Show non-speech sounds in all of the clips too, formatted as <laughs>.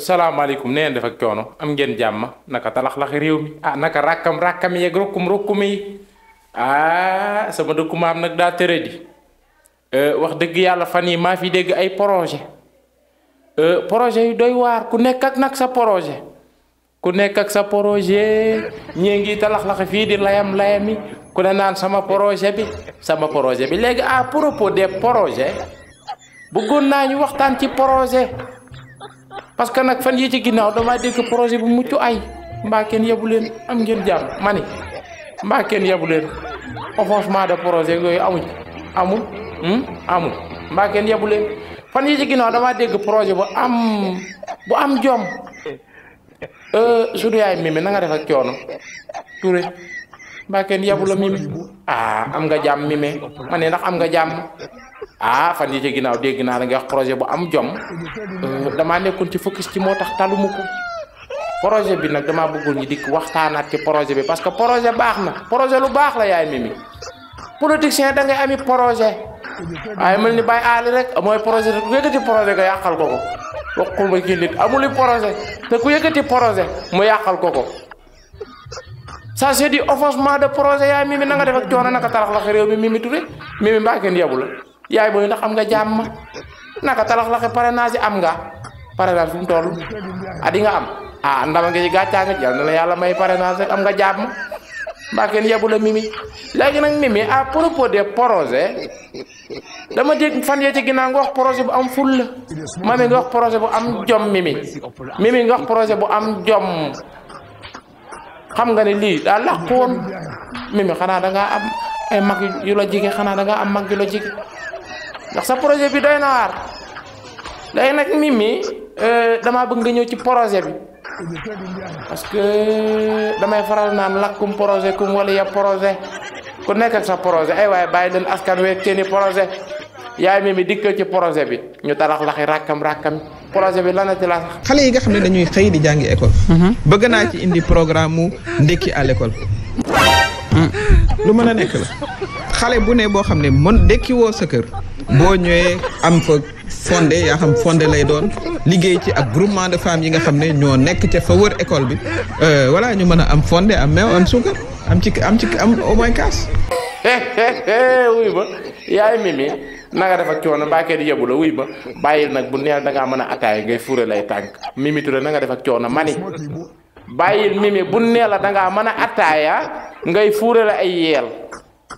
salam nee na def ak coono am ngeen jàmm naka talax-laxi rew mi ah naka rakam rakam yeeg rukum ah sama dëkku maam nak da tere di euh, wax deug yalla fan yi maa fi dégg ay projet euh, projet yu doy war ku nek ak nak sa projet ku nek ak sa projet ngi talax fi di layam layami ku ne nan sama projet bi sama projet bi lega a propos des projets bëggoon naa ñu ci projet parce que nag fan yii ci ginnaaw damaa dégg projet bu mucc ay mbaa kenn yebu leen am ngeen jàmm ma ni mbaa kenn yebu leen avancement de projet yooyu amuñ amul hmm? amul mbaa kenn yebu leen fan yii ci ginnaaw damaa dégg projet bu am bu am jom euh, sunu yaay Mimi na nga def ak coono Touré mbaa kenn yebu la Mimi ah, am nga jàmm Mimi ma ndax am nga jàmm. ah fan yi ci ginaaw dégg naa la nga wax projet bu am jom euh, dama nekkun ci focus ci motax tax ko projet bi nak dama bëggul ñi dik waxtaanat ci projet bi parce que projet baxna projet lu bax la yaay mimi politicien da ngay ami projet ay melni ni bàyyi rek moy projet ku yëkkati projet ga yàqal koko waxul ma kii nit amul projet te ku yëkkati projet mu yàqal koko ça c'est du offensement de projet yaay mimi na nga def ak coono naka tarax la réew mimi turé mimi mbaa kenn yaay booy ndax am nga jàmm naka talax-laxe parrainage am nga parrainage fu mu toll ah di nga am ah ndama nga ci gàccaa nga ci yàlla la yàlla may parrainage rek am nga jàmm mbaa kenn yebu la mimi léegi nag mimi à propos des projets dama dégg fan yee ci ginnaaw projet bu am ful la mami nga projet bu am jom mimi mimi nga projet bu am jom xam nga ne lii daa làqu woon mimi xanaa da ngaa am ay mag yu la jige xanaa da ngaa am mag yu la jige ndax sa projet bi doy na waar léegi nag Mimi euh, damaa bëgg nga ñëw ci projet bi parce que euh, damay faral naan lakkum projet kum wala ya projet ku nekk sa projet ay waaye bàyyi leen askan weeg seeni projet yaay Mimi dikk ci projet bi ñu talax laxi rakkam rakkam projet bi lan la ci la sax. xale yi nga xam ne dañuy xëy di jàngi école. Mhm. bëgg naa ci indi programme mu ndékki à l'école. Mm. lu mën a nekk la. xale bu nee boo xam ne mën dëkki woo sa kër boo ñëwee am fa fondé yaa xam fondé lay doon liggéey ci ak groupement de femmes yi nga xam ne ñoo nekk ca fa wër école bi euh, voilà ñu mën a am fondé am meew am suukar am ci am am au moins kaas <laughs> wuy ba yaay mimi nanga def ba bàyyil nag bu neel da ngaa mën a ataaya ngay fuure lay tànk mimi tudd na nga def ak coono mani bàyyil mimi bu neel la da mën a ataaya ngay fuure la ay yeel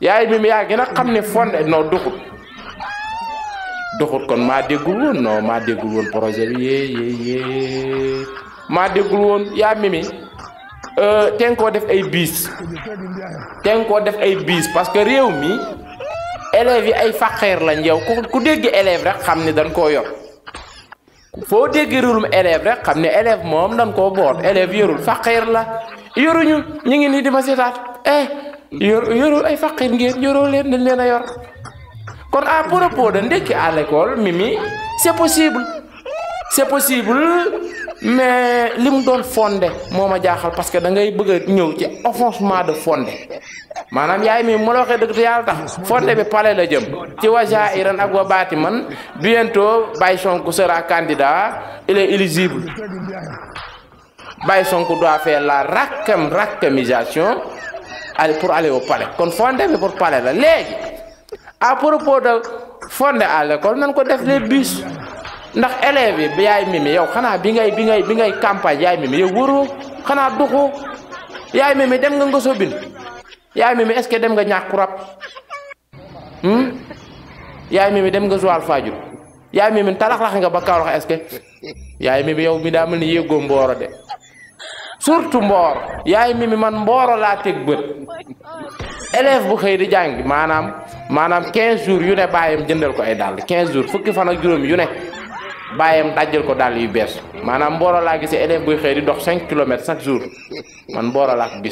yaay bi yaa gën a xam ne fonde noo doxut doxut kon maa déggul woon non maa déggul woon projet bi maa déggul woon yaa mimi euh, ten koo def ay biis ten koo def ay biis parce que réew mi élèves yi ay faqeer lañ yow ku dégg élève rek xam ne dañ koo yor foo dégg réewum élève rek xam ne élève moom dañ koo boot élève yorul faqeer la yoruñu ñu ngi nii di ma seetaat eh yor yor ay faqir ngeen yoro len dañ leen yor kon a propos de ndek à l'école mimi c'est possible c'est possible mais lim doon fondé moma jaaxal parce que da ngay bëgg ñëw ci offensement de fondé manam yaay mi mo la waxe deug yaal tax fondé bi palais la jëm ci wa jairan ak wa batiman bientôt bay Sonko sera candidat il est éligible bay Sonko doit faire la rakam rakamisation aller pour aller au palais kon fondé bi pour palais la léegi à propos de fondé à l'école nañ ko def les bus ndax élèves yi yaay mimi yow xanaa bi ngay bi ngay bi ngay campagne yaay mimi yow wëroo xanaa duxoo yaay mimi dem nga nga sobin yaay mimi est dem nga ñàkku rab hmm? yaay mimi dem nga Joal Fadiouth yaay mimi talax lax nga ba Kaolack est-ce yaay mimi yow mi daa mel ni yéegoo mbooro de surtout mboor yaay mi mi man mbooro laa teg bët élève bu xëy di jàngi maanaam maanaam quinze jours yu ne bàyyam jëndal ko ay dàll quinze jours fukki fana ak juróom yu ne bàyyam dajjal ko dàll yu bees maanaam mbooro laa gisee élève buy xëy di dox cinq kilomètres chaque jour man mbooro laa ko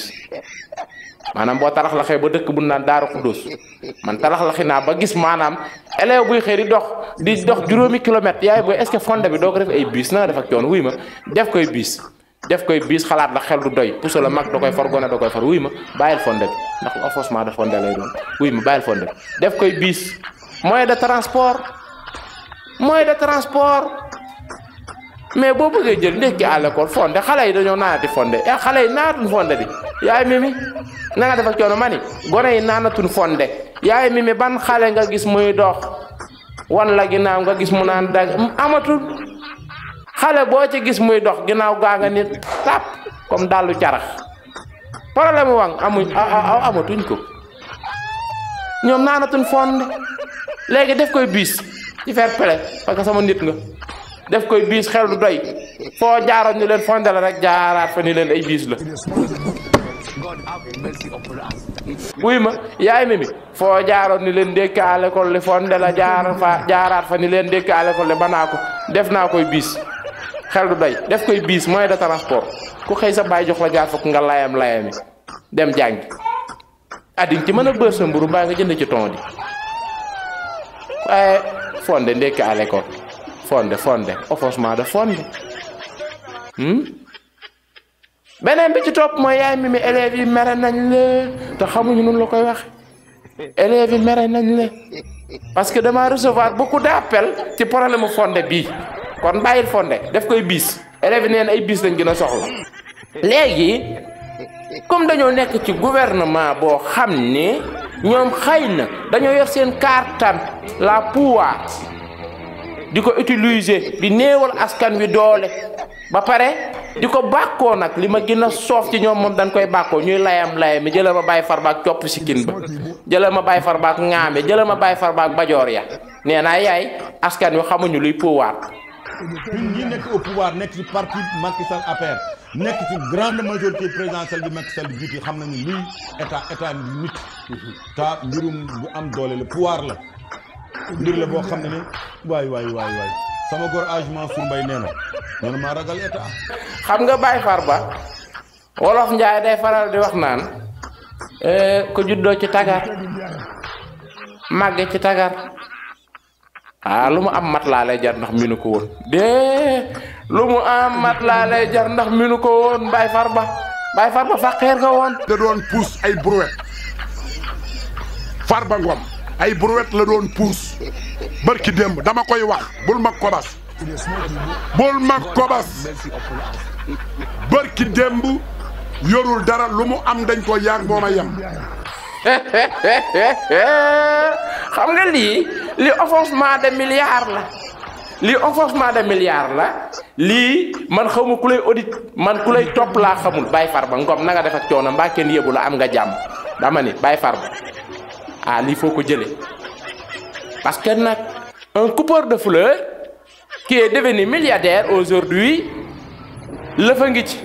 maanaam boo tarax la ba dëkk bu naan Daaru Xudóos man tarax la naa ba gis maanaam élève buy xëy di dox di dox juróomi kilomètres yaay booy est-ce que fonde bi doo ko def ay biis na nga ak yoon wuy ma def koy biis def koy biis xalaat la xel du doy puso la mag da koy far gone da koy far wuy ma bàyyil fonde bi ndax offosement de fonde lay doon wuy ma bàyyil fonde bi def koy biis moyen de transport mais boo bëggee jël ndekki à l'école fonde xale yi dañoo naanati fonde eh, xale yi naanatuñ fonde yaay mimi na def ak ma ni yi naanatuñ fonde yaay mimi ban xale nga gis muy dox wan la nga gis mu naan dag amatul xale boo ci gis muy dox ginnaaw gaa nga nit tàpp comme dàllu carax problème waŋ amuñ amatuñ ko ñoom naanatuñ fonde léegi def koy biis ci fair play parce que sama nit nga def koy biis xel du doy foo jaaroon ni leen fonde la rek jaaraat fa ni leen ay biis la wuy ma yaay mi foo jaaroon ni leen dékkaale ko jaar fa jaaraat fa ni leen dékkaale ko li banaa ko def naa koy biis xel du doy def koy biis mooy de transport ku xëy sa baay jox la gaal foog nga layam layami dem jàngi ah ci mën a bër sa mburu mbaa nga jënd ci ton di waaye eh, fonde ndekki à l'école fonde fonde offensement de fonde hmm? beneen bi ci topp mooy yaay mi mi élèves yi mere nañ la te xamuñu nun la koy wax élèves yi mere nañ la parce que dama recevoir beaucoup d'appels ci problème mu fonde bii kon bàyyil fonde def koy biis élèves yi neen ay biis lañ gën a soxla léegi comme dañoo nekk ci gouvernement boo xam ni ñoom xay na dañoo yor seen kaar tam la pouvoir di ko utiliser di néewal askan wi doole ba pare di ko bàkkoo nag li ma gën a soof ci ñoom moom dañ koy bàkkoo ñuy layam layami jëlal ma bàyyi far farbaak copp sikkin ba jëlal ma bàyyi farbaak ŋaame jëlal ma bàyyi far farbaak bajoor ya nee naa yaay askan wi xamuñu luy pouvoir ñun ñi nekk au pouvoir nekk ci parti Macky Sall APR nekk ci grande majorité présidentielle bi Macky Sall jiite xam nañu luy état état nit ta mbirum bu am doole la pouvoir la mbir la boo xam ne ne waay waay waay sama góor agement su mbay nee na nee na maa ragal état xam nga Baye Farba wolof Njaay day faral di wax naan eh, ko juddoo ci tagar màgge ci tagar ha ah, lu mu am mat laa lay jar ndax minu ko won de lu mu am mat lay jar ndax minu ko won bay Farba bay Farba faqeer ko won da doon pousse ay brouette Farba Ngom ay brouette la doon pousse barki dem dama koy wax bul ma kobas bul ma kobas barki démb yorul dara lu mu am dañ ko yaag moom yam xam nga li li offensement de milliard la lii offensement de milliard la lii man xaw ma ku lay audit man ku lay topp laa xamul Baye Farba Ngom na nga def ak coono mbaa kenn yëbu la am nga jàmm damani ni Baye Farba ah lii foo ko jëlee parce que nag un coupeur de fleurs qui est devenu milliardaire aujourd'hui lëfa ngi ci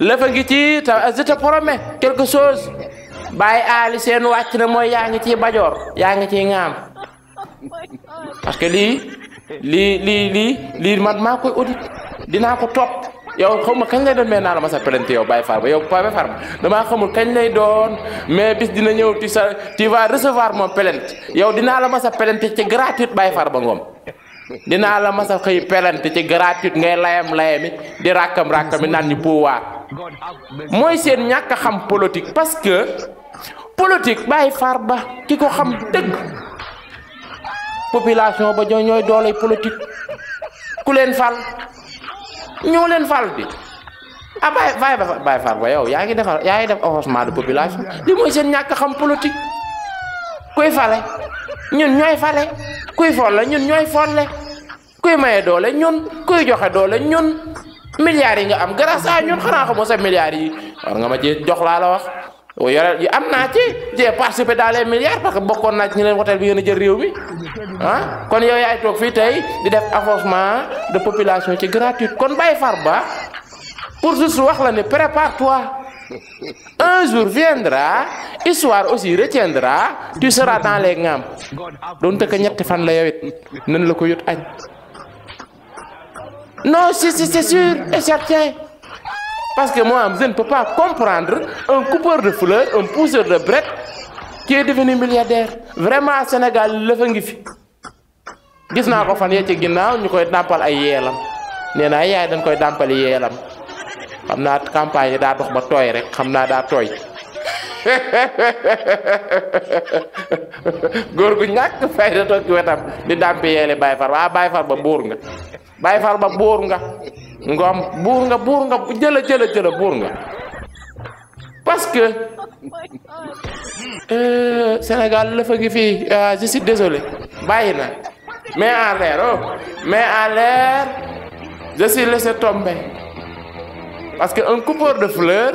lëfa ngi ci te je te quelque sos Baye Ali seen wàcc na mooy yaa ngi ciy bajoor yaa ngi ciy ŋaam. parce que lii lii lii lii lii man maa koy audit dinaa ko topp yow xaw ma kañ lay doon mais naa la ma sa plainte yow Baye Farba yow Baye Farba damaa xamul kañ lay doon mais bis dina ñëw tu sa tu vas recevoir mon plainte yow dinaa la ma sa plainte ci gratuite Baye Farba Ngom dinaa la ma xëy plainte ci gratuite ngay layam layami di rakkam rakkami naan ñu pouvoir mooy seen ñàkk xam politique parce que politique Baye Farba ki ko xam dëgg. population ba ñoo ñooy dooley politique ku leen fal ñoo leen fal bi ah bàyyi bàyyi ba bàyyi far ba yow yaa ngi defar yaa ngi def avancement de population li mooy seen ñàkk xam politique kuy fale ñun ñooy fale kuy folle ñun ñooy folle kuy maye doole ñun kuy joxe doole ñun milliards yi nga am grâce à ñun xanaa xamoo sa milliards yi war nga ma ci jox laa la wax. wo oh, yara ya, am naa ci je passé pe dans les milliards parce que bokon na ñu leen woteel bi ngeen a jël réew mi ah kon yow yaay tok fi tay di def avancement de population ci gratuite kon bàyyi farba pour juste wax la ne prépare toi un jour viendra histoire aussi retiendra tu seras dans les ngam don te que ñett fan la yowit nan la ko yut añ non si si c'est sûr et certain Parce que moi, je ne peux pas comprendre un coupeur de fleurs, un pousseur de bret qui est devenu milliardaire. Vraiment, au Sénégal, le ngi fi. nous ko fan ci ay yaay dañ koy pas campagne dox ba rek que <laughs> gu fay da di dampi Far Far ba nga Far ba nga nga am buur nga buur nga jëla buur nga parce que euh, Sénégal lëfa ngi fii euh, je suis désolé bàyyi na mais en l'air oh mais en l'air je suis laissé tomber parce que un coupeur de fleurs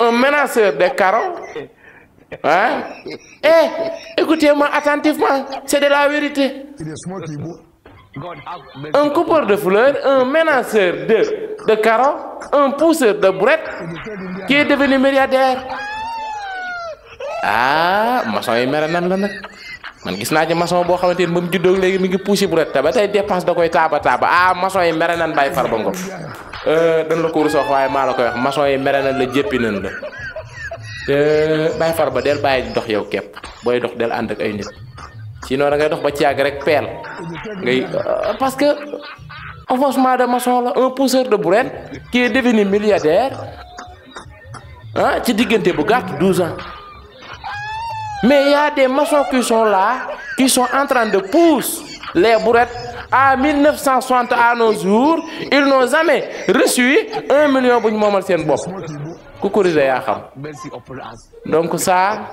un menaceur de carreaux hein eh écoutez-moi attentivement c'est de la vérité un coupeur de fleurs, un menaceur de, de carreaux, un pousseur de brouettes qui est devenu milliardaire. ah maçon yi mere nan la nag man gis naa ci maçon boo xamante ni ba mu juddoo léegi mi ngi poussé ba tey dépense da koy taaba taaba ah maçon yi mere nan bàyyi Farba Ngom euh, dañ la ko rusa wax waaye maa la koy wax maçon yi mere nan la jéppi nan la te bàyyi Farba del bàyyi dox yow képp booy dox del ànd ak ay nit sinon da ngay dox ba ci yàgg rek pel ngay euh, parce que avancement de maçon là. un pousseur de bourrettes qui est devenu milliardaire hein ci diggante bu gàtt 12 ans mais il y a des maçons qui sont là qui sont en train de pousser les bourrettes. à 1960 à nos jours ils n'ont jamais reçu un million bu momal sen Coucou, bopp ku xam donc ça.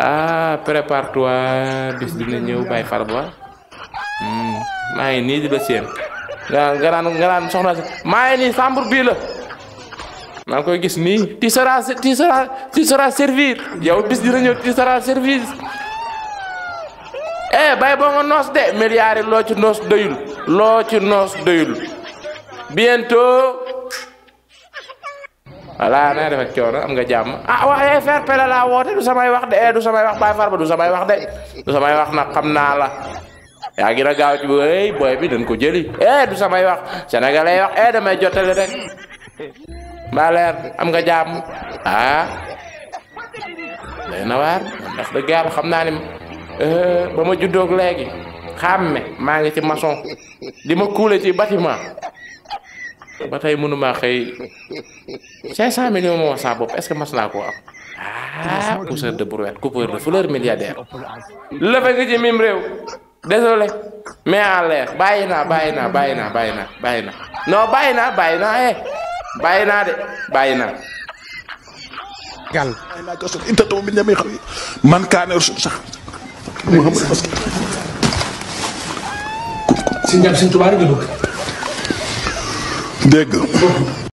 ah prépare-toi bis dina ñew bay far ba Hmm, may ni di la séen nga nga naan nga ran soxna si maa ngi nii la Ma ngi nah, koy gis ni, ti sera ti sera ti sera servir yow ya bis dina ñew ti sera servir. eh bay bo nga nos de milliards lo ci nos deuyul, lo ci nos deuyul. bientôt voilà ah, na def coono am nga jàmm ah waaye fair play laa woote du samay wax de eh, du samay wax Baye Farba du samay wax de du samay wax nag xam naa la yaa ngi na gaaw ci bu bi dañ ko jëli eh samay wax sénégalais wax eh damay jottali rek mbaa am nga jàmm ah day na waar ndax dëgg yàlla xam naa ni eh, ba ma juddoog léegi xàmme maa ngi ci maçon di ma kuule ci bâtiment ba tey mënumaa xëy 500 millions moo wax saa bopp que mas naa koo am ah pousseur de brouette coupeur de fleur milliardaire la fa nga ci réew désolé mais à l'air bàyyi naa bàyyi naa naa bàyyi naa naa non bàyyi naa eh. bàyyi naa de bàyyi naa man kaane rasul sax dégg